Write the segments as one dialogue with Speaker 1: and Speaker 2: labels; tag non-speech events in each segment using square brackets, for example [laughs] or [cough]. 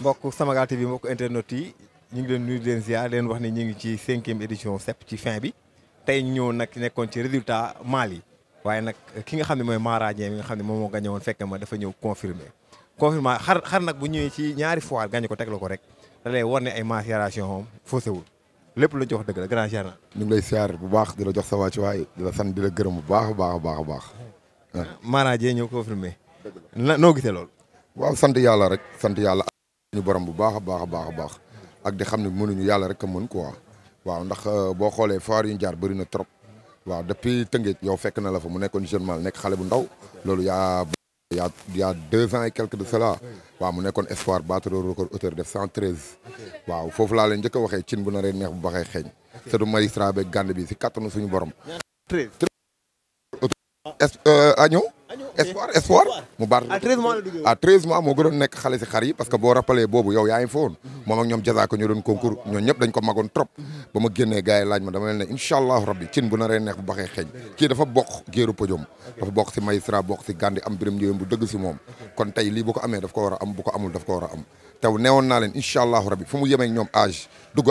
Speaker 1: mbokk Samagal TV mbokk internet yi ñu ngi leen nuyu leen ziar leen wax ne ñu ngi ci cinquième édition CEP ci fin bi tey ñëw nag nekkoon ci résultat Mali waaye nag ki nga xam ne mooy maaraañee mi nga xam ne moom moo gañe woon fekk ma dafa ñëw confirmer confirmer xar xar nag bu ñëwee ci ñaari fois gañe ko teg la ko rek da lay war ne ay macération moom faussé lépp lu ñu ci wax dëgg la ñu
Speaker 2: ngi lay siyaar bu baax di la jox sa waa waay di la sant di la gërëm bu baax a baax a baax a baax ah.
Speaker 1: maaraañee ñëw confirmer na noo gisee lool waaw sant yàlla rek sant
Speaker 2: yàlla ñu borom bu baax a baax a baax a baax ak di xam ne mënuñu yàlla rek a mën ko waaw ndax euh, boo xoolee foire yu ñu jaar bëri na trop waaw depuis Tëngéej yow fekk na la fa mu nekkoon jeune mal nekk xale bu ndaw loolu yaa yaa yaa deux ans et quelque de cela waaw mu nekkoon espoir battre record hauteur def cent treize waaw foofu laa leen njëkk waxee cin bu naree neex bu baxee xeeñ sa du magistrat beeg gànd bi si kattanu suñu borom treize espoir espoir mu baat à treize mois moo gënoon nekk xale si xar yi parce que boo rappelé boobu yow yaa ngi fa woon mm-hmm. moom ak ñoom jasaako ñu doon concours ñoo ñëpp dañ ko magoon trop mm-hmm. ba ma génnee gars yi laaj ma dama leen ne rabbi cin bu naree neex bu baxee xeeñ kii dafa bokk géeru podium dafa bokk si magistrat bokk si gandi am biram ñëwén bu dëgg moom kon tey li bu ko amee daf ko war am bu ko amul daf ko war a am taw neewoon naa leen incha allahu rabbi fu mu yemeeg ñoom âge dugg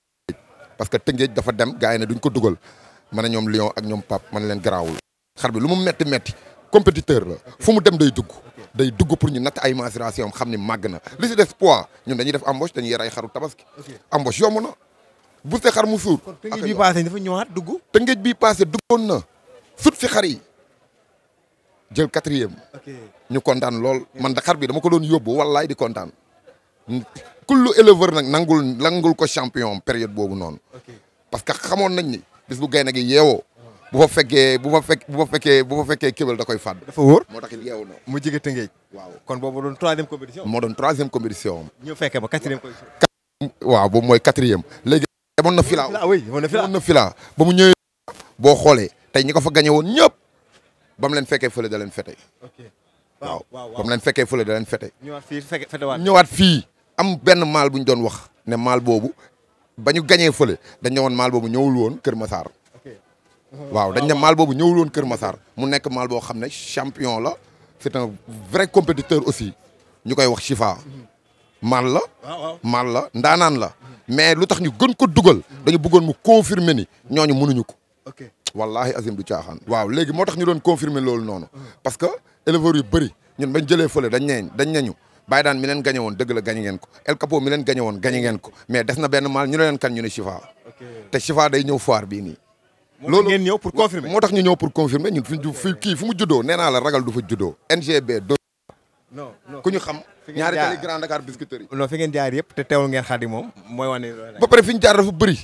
Speaker 2: parce que Tëngéej dafa dem gars yi ne duñ ko dugal ma ñoom Lion ak ñoom pap man leen garaawul. xar bi lu mu metti metti compétiteur la fu mu dem day dugg day dugg pour ñu natt ay mensurations am xam ni màgg na li si des poids ñun dañuy def embauche dañuy yar ay xaru tabaski embauche yomb na bouse xar mu suur. kon Tëngéej bii paase dafa ñëwaat dugg. Tëngéej bii paase duggoon na sut fi xar yi jël quatrième. ñu kontaan lool man da xar bi dama ko loon yóbbu wallaay di kontaan. kullu éleveur nangul nangul ko champion période bobu non parce que xamone nañ ni bis bu gi bu fa bu fa bu fa bu fa da koy fad dafa waaw
Speaker 1: kon troisième compétition. don
Speaker 2: 3 troisième compétition.
Speaker 1: ñu ba quatrième compétition.
Speaker 2: waaw quatrième. na fila. oui na fila na fila mu fa gagné won bam leen da leen fété
Speaker 1: ok waaw waaw Vous da leen
Speaker 2: am ben mal buñ doon wax né mal bobu bañu ñu feulé dañ ne woon maal boobu ñëwul woon Kër Massar.
Speaker 1: waaw dañ ne mal
Speaker 2: bobu ñewul woon Kër Massar mu nekk mal bo xamné champion la c'est un vrai compétiteur aussi ñukay wax Chifa. mal mhm. la ah, mal la ndaanaan la mais lutax ñu gën ko duggal dañu bëggoon mu confirmer ni ñooñu mënuñu ko wallahi azim du caaxaan waaw légui motax ñu doon confirmer lool noonu mhm. parce que éleveurs yu bëri ñun bañ jëlé feulé dañ ne dañ nañu Baye daan mi leen gagné woon dëgg la gagné ngeen ko El leen gagné woon gagné ngeen ko mais des na benn maal ñu ne leen kan ñu ne Chifa te Chifa day ñëw foire bii nii. loolu ngeen pour confirmer moo tax ñu ñëw pour confirmer ñun fi fi kii fu mu juddoo nee la ragal du fa juddoo ngb do non ku ñu xam ñaari tali Grand Dakar Biscuiterie non fi ngeen jaar yëpp te teewul ngeen xadi moom mooy wane ba pare fi ñu jaar dafa bëri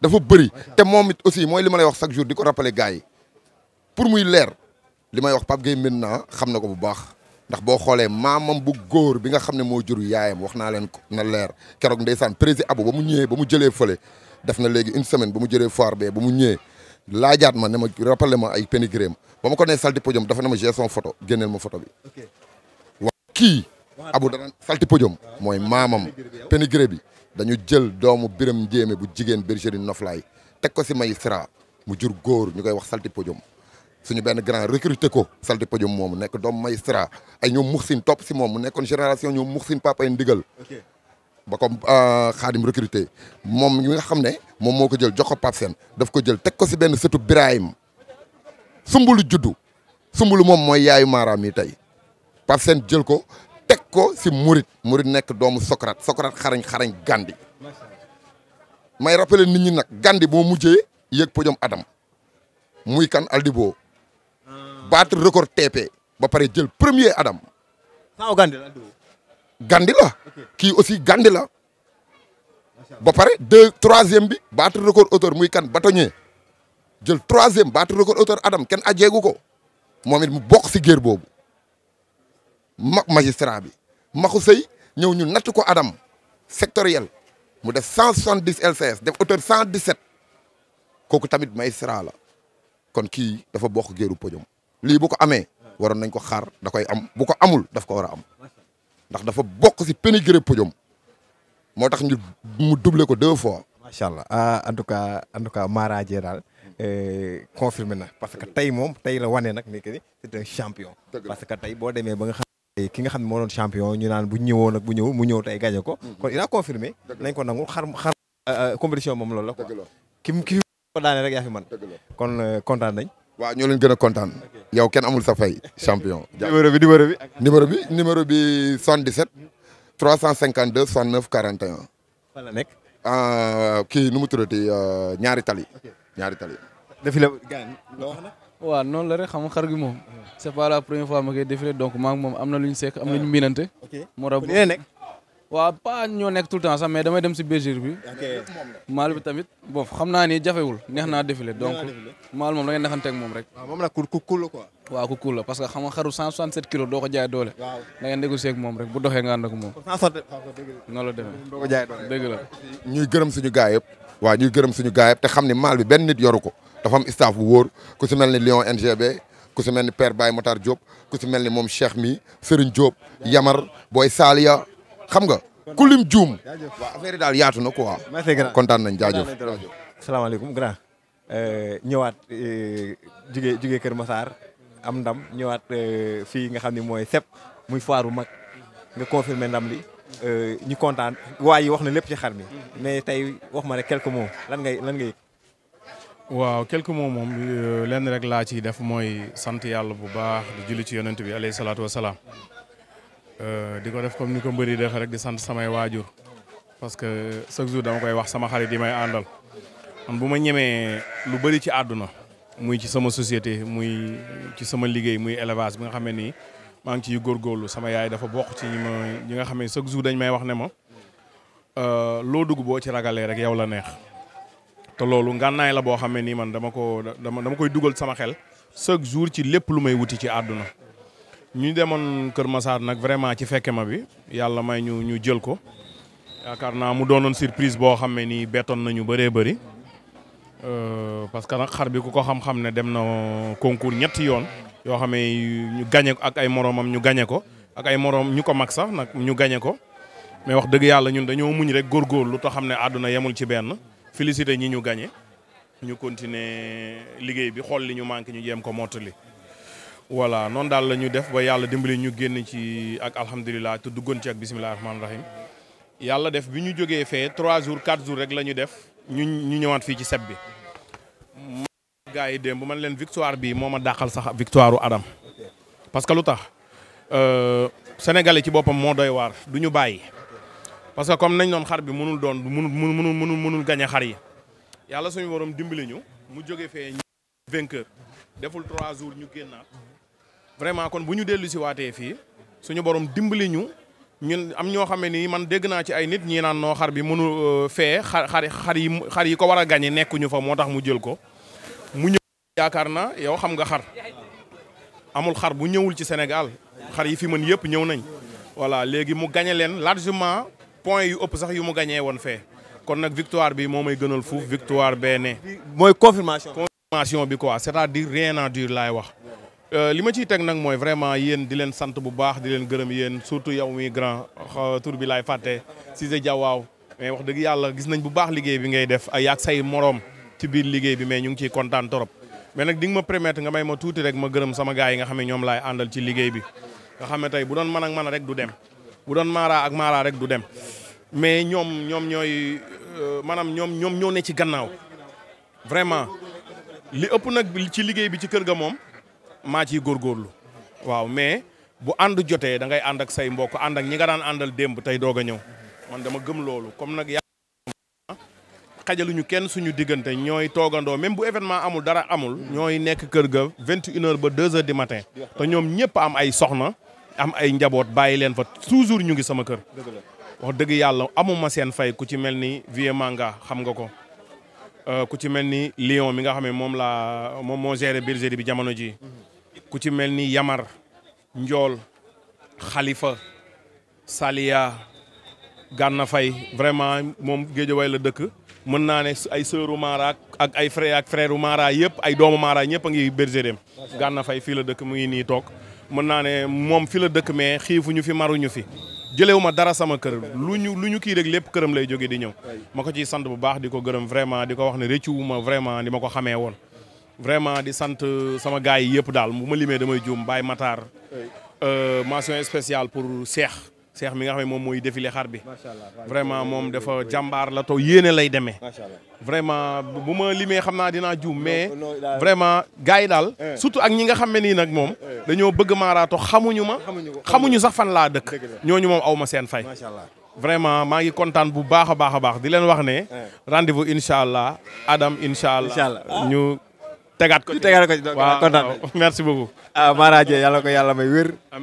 Speaker 2: dafa bëri te moom it aussi mooy li ma lay wax chaque jour di ko rappeler gaay yi pour muy leer li may wax Pape Gueye maintenant xam na ko bu baax ndax boo xoolee maamam bu góor bi nga xam ne moo jur yaayam wax naa leen ko na leer keroog ndeysaan président Abou ba mu ñëwee ba mu jëlee fële def na léegi une semaine ba mu jëlee foire bee ba mu ñëwee laajaat ma ne ma rappelé ma ay pénigré ma ba ma ko nee salti podium dafa ne ma j'ai son génneel ma foto bi waaw kii abu dana salti podium mooy maamam pénigré bi dañu jël doomu biram njéemé bu jigéen bergerie noflaay teg ko si magistrat mu jur góor ñu koy wax salti podium suñu benn grand recruté ko salti podium moomu nekk doom maestra ay ñoom muxsin topp si moom mu nekkoon génération ñoom muxsin papa ay ndigal ba ko xaadim euh, recruté moom mi nga xam ne moom moo ko jël jox ko Pape Sène daf ko jël teg ko si benn sëtu Birahim sumbulu juddu sumbulu moom mooy yaayu maaraam yi tey Pape Sène jël ko teg ko si murit murit nekk doomu Socrate Socrate xarañ xarañ Gandhi may rappelé nit ñi nag Gandhi boo mujjee yëg podium Adam muy kan Aldibo battre record TP ba pare jël premier Adam.
Speaker 1: Sao Gandi
Speaker 2: la. kii aussi Gandi la ba pare deux troisième bi battre record auteur muy kan bâtonnier jël troisième battre record auteur Adam kenn ajeegu ko moom it mu bokk si géer boobu mag magistrat bi maxu sëy ñëw ñu natt ko Adam sectoriel mu def cent soixante dix LCS def auteur cent dix sept kooku tamit magistrat la kon kii dafa bokk géeru podium lii bu ko amee waroon nañ ko xaar da koy am bu ko amul daf ko war a am ndax dafa bokk si pénigré podium moo tax ñu mu doublé ko deux
Speaker 1: fois. macha allah ah, en tout cas en tout cas Mara Dieng daal eh, confirmé na parce que tey moom tey la wane nag ni que c'est un champion. parce que tey boo demee ba nga xam. ki nga xam ne moo doon champion ñu naan bu ñëwoon ak bu ñëw mu ñëw tey gañe ko. Mm-hmm. kon il a nañ ko nangul xar xar euh, compétition moom loolu la. dëgg la ki ki ko daane rek yaa fi man kon euh, kontaan nañ.
Speaker 2: waaw ñoo leen gën a kontaan. yow kenn amul sa fay champion. [laughs] numéro bi numéro bi. numéro bi numéro bi 77. 352 69 41. fan la nekk. Ah, kii nu mu tuddati euh, ñaari tali. ñaari tali. defi la
Speaker 1: gaañ loo wax nag.
Speaker 3: waaw noonu la rek xam xar gi moom. c'est pas la première fois ma koy défilé donc maa ngi moom am na lu ñu sekk am ñu miinante. moo tax waaw pas ñoo nekk tout le temps sax mais damay dem si bergerie bi. maal bi tamit bon xam naa ni jafewul neex naa défilé donc maal moom da ngay moom
Speaker 1: rek. Ah, ku kuul la quoi. waaw ku kuul la parce que xam nga xaru 167 kilos doo ko jaay doole. waaw da ngay négocier ak moom rek bu doxee nga ànd ak moom. noonu la demee doo ko jaay doole dëgg ñuy gërëm
Speaker 2: suñu gaay yëpp. waaw ñuy gërëm suñu gaay yëpp te xam ni maal bi benn nit yoru ko dafa am staff bu wóor ku si mel ni Lion NGB. ku si mel ni Père Baye Matar Diop ku si mel ni moom Cheikh mi Serigne Diop Yamar Boy Salia xam nga ku lim juum. waaw affaire yi daal yaatu na quoi. merci grand kontaan nañ jaajëf.
Speaker 1: salaamaaleykum grand. Euh, ñëwaat euh, jugee jugee Kër Massar am ndam ñëwaat euh, fii nga xam ni mooy Sepp muy foire bu mag nga confirmer ndam li. ñu kontaan waay yi wax na lépp ci xar mi. mais tey wax ma rek quelques mots lan ngay lan ngay.
Speaker 3: waaw quelques mots moom lenn rek laa ciy def mooy sant yàlla bu baax di julli ci yonent bi alayhi salaatu wa salaam Euh, di ko def comme ni ko mbëri def rek di sant samay waajur parce que chaque jour dama koy wax sama xarit yi may àndal man bu ma ñemee lu bëri ci àdduna muy ci sama société muy ci sama liggéey muy élevage bi nga xam ne nii maa ngi ciy góorgóorlu sama yaay dafa bokk ci ñi nga xam ne chaque jour dañ may wax ne ma euh, loo dugg boo ci ragalee rek yow la neex te loolu ngànnaay la boo xamee nii man dama ko dama dama koy dugal sama xel chaque jour ci lépp lu may wuti ci àdduna ñu demoon Kër Massar nag vraiment ci fekke ma bi yàlla may ñu ñu jël ko yaakaar naa mu doonoon surprise boo xam ne nii bettoon nañu bëree bëri euh, parce que nag xar bi ku ko xam-xam ne dem na concours ñetti yoon yoo xam ne ñu gañe ko ak ay moroomam ñu gañe ko ak ay moroom ñu ko mag sax nag ñu gañe ko mais wax dëgg yàlla ñun dañoo muñ rek lu te xam ne àdduna yemul ci benn félicité ñi ñu gañe ñu continuer liggéey bi xool li ñu manqué ñu jéem ko mottali voilà non dal lañu def ba yalla dimbali ñu genn ci ak alhamdullilah te duggoon ci ak bismillahir rahmanir rahim yalla def bi ñu jógee fee trois jours 4 jours rek lañu def ñu ñu ñëwaat fi ci set bi. gaay gars yi man leen victoire bi moma ma sax victoire Adam parce que lutax euh sénégalais ci bopam mo doy war duñu bayyi parce que comme nañ non xar bi mënul doon mënul mënul mënul mënul gañe xar yi yalla suñu worom dimbali ñu mu joggé fé vainqueur deful 3 jours ñu gennat vraiment kon bu ñu dellu si waatee fii suñu borom dimbali ñu ñun am ñoo xam ne nii man dégg naa ci ay nit ñi naan noo xar bi mënu euh, fee xar xar yi xar yi ko war a gañe nekkuñu fa moo tax mu jël ko mu ñëw yaakaar na yow xam nga xar amul xar bu ñëwul ci Sénégal xar yi fi mën yëpp ñëw nañ voilà léegi mu gañe leen largement point yu ëpp sax yu mu gañee woon fee kon nag victoire bi moo may gënal fuuf victoire bee ne mooy confirmation confirmation bi quoi c'est-à-dire rien à dire laay wax Euh, li ma ciy teg nag mooy vraiment yéen di leen sant bu baax di leen gërëm yéen surtout yow mi grand euh, tur bi laay fàtte Cissé Dia waaw mais wax dëgg yàlla gis nañ bu baax liggéey bi ngay def ak yaag say moroom ci biir liggéey bi mais ñu ngi ciy kontaan trop mais nag di nga ma permettre nga may ma tuuti rek ma gërëm sama gars yi nga xam ne ñoom laay àndal ci liggéey bi nga xam ne tey bu doon man ak man rek du dem bu doon maaraa ak maaraa rek du dem mais ñoom ñoom ñooy euh, maanaam ñoom ñoom ñoo ne ci gannaaw vraiment li ëpp nag ci liggéey bi ci kër ga moom maa góor góorlu waaw mais bu ànd jotee da ngay ànd ak say mbokk ànd ak ñi nga daan àndal démb tey doog a ñëw man dama gëm loolu comme nag yàlla xajaluñu kenn suñu diggante ñooy toogandoo même bu événement amul dara amul ñooy nekk kër ga vingt une heure ba deux heures du matin te ñoom ñëpp am ay soxna am ay njaboot bàyyi leen fa toujours ñu ngi sama kër wax dëgg yàlla amuma seen fay ku ci mel ni Vieux Manga xam nga ko euh, ku ci mel ni Lion mi nga xam ne moom laa moom moo géré bergerie bi jamono ji mhm. ku ci mel ni Yamar Njool Khalifa Saliya Gànna Fay vraiment moom Géejawaay la dëkk mën naa ne ay sœuru Mara ak ay frère ak frère Mara yëpp ay doomu Mara ñëpp a ngi bergerie am Gànna Fay fii la dëkk mu ngi nii toog mën naa ne moom fi la dëkk mais xiifuñu fi maruñu fi jëlewuma dara sama kër lu ñu lu ñu kii rek lépp këram lay jóge di ñëw ma ko ciy sant bu baax di ko gërëm vraiment di ko wax ne rëccuwuma vraiment ni ma ko xamee woon vraiment di sant euh, sama gars yep dal daal bu ma limee damay juum Baye Matar. Euh, mention spéciale pour Cheikh Cheikh mi nga xam mom moy défilé xar bi. vraiment mom dafa jambar la to yéné lay demee. vraiment bu ma limee xam naa dinaa mais vraiment gars dal eh. surtout ak ñi nga xam ni nak mom eh. dañoo bëgg marato xamuñu ma. xamuñu sax fan la dëkk. ñooñu moom aw ma fay. vraiment maa ngi kontaan bu baax a baax a di leen wax eh. rendez-vous inshallah, Adam incha allah ñu. tegaat ko ci tegaat ko ci donc kontaan merci beaucoup. ah Mara Dieng yàlla ko yàlla may wér. Ah,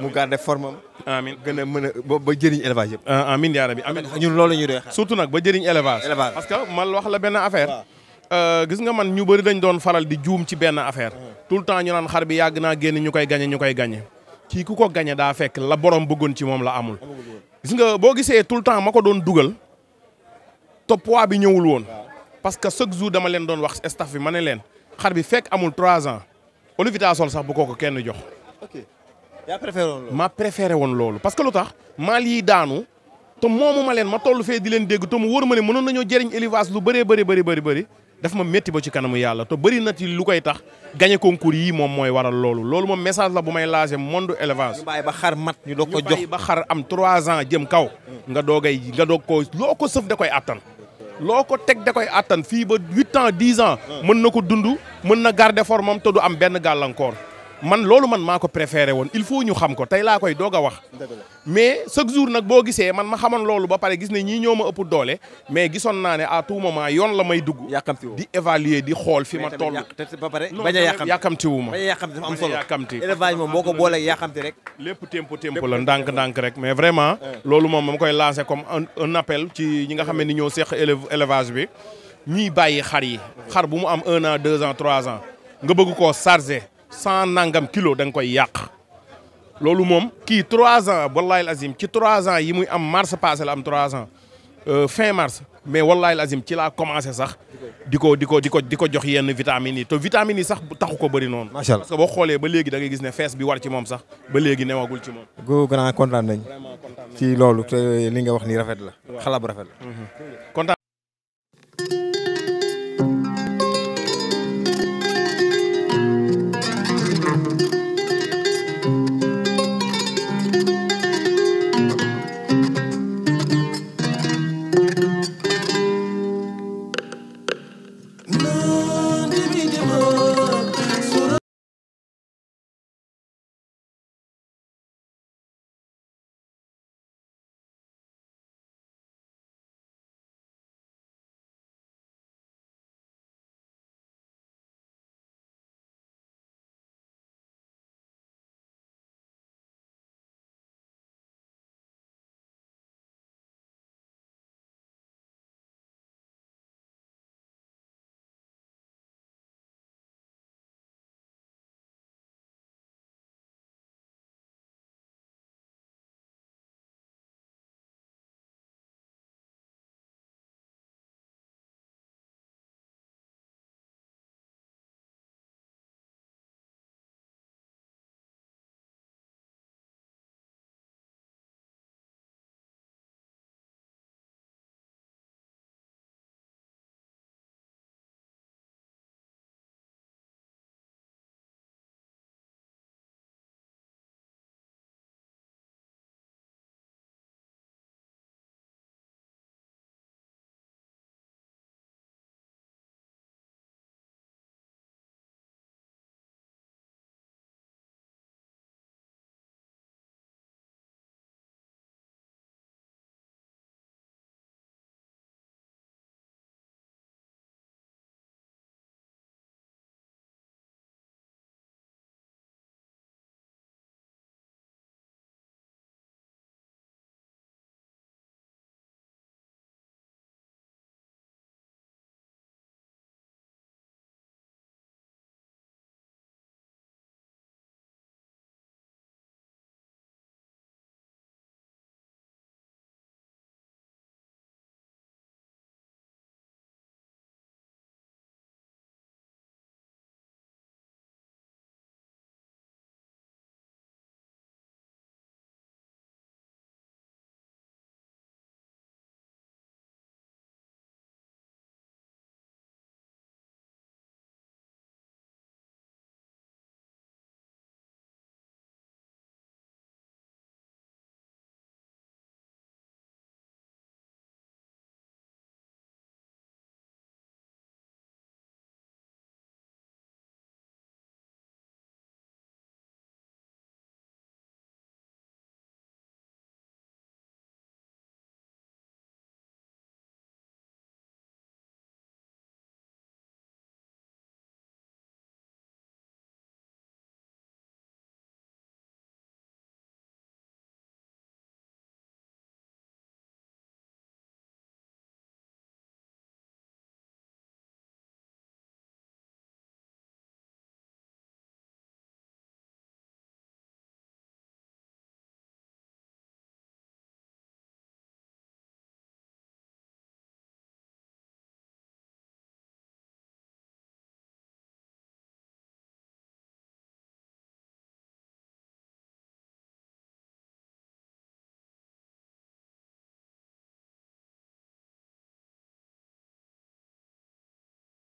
Speaker 3: mu garde forme am. a a ba jëriñ élevage yëpp. Ah, amiin yaa rabi amiin ñun loolu la ñuy xaar surtout nag ba jëriñ élevage. parce que man wax la benn affaire. Euh, gis nga man ñu bëri dañ doon faral di juum ci benn affaire. Ah. tout le temps ñu naan xar bi yàgg naa génn ñu koy gañe ñu koy gañe kii ku ko gañe daa fekk la borom bëggoon ci moom la amul. gis nga boo gisee tout le temps ma ko doon dugal te poids bi ñëwul woon. parce que chaque jour dama leen doon wax staff bi ma ne leen. xar bi fekk amul trois ans olu sax bu ko ko kenn jox.
Speaker 1: ok yaa
Speaker 3: woon loolu. ma préféré woon loolu parce que lu tax maal yi daanu te moomu a leen ma toll fee di leen dégg to mu war ma ne mënoon nañoo jëriñ élevage lu bëree bëri bëri bëri bëri daf ma métti ba ci kanamu yàlla te bari na ci lu koy tax gagné concours yi moom mooy waral loolu loolu moom message la bu may laajee monde élevage. ñu bàyyi ba xar mat ñu doog ko jox ñu bàyyi ba xar am trois an jëm kaw. nga doogay ko loo ko sëf da koy attan. loko tek da koy atane fi ba 8 ans 10 ans mën nako dundou mën na garder formam te du am ben gal encore man lolou man mako préféré il faut ñu xam ko tay la koy je wax mais chaque jour nak bo man ma xamone lolou ba paré gis ne ñi ëpp mais gison naané à tout moment la di évaluer di xol fi ma toll ba ma am solo élevage mom boko bolé yakamti rek lépp tempo tempo la mais vraiment lolou que lancer comme un appel ci ñi nga xamé ni ñoo séx élevage bi ñi xar yi am an deux ans trois ans nga bëgg ko cent nangam kilo da nga koy yàq loolu moom kii trois ans wallahi azim ci trois ans yi muy am mars passé la am trois ans euh, fin mars mais wallahi azim ci laa commencé sax di ko di ko di ko di ko jox yenn vitamines yi te vitamines yi sax taxu ko bari noonu. macha allah parce que xoolee ba léegi da ngay gis ne fees bi war ci moom sax ba léegi newagul ci moom.
Speaker 1: go grand kontaan nañ. si loolu te li nga wax nii rafet la. xalaat bu rafet la. Mhm.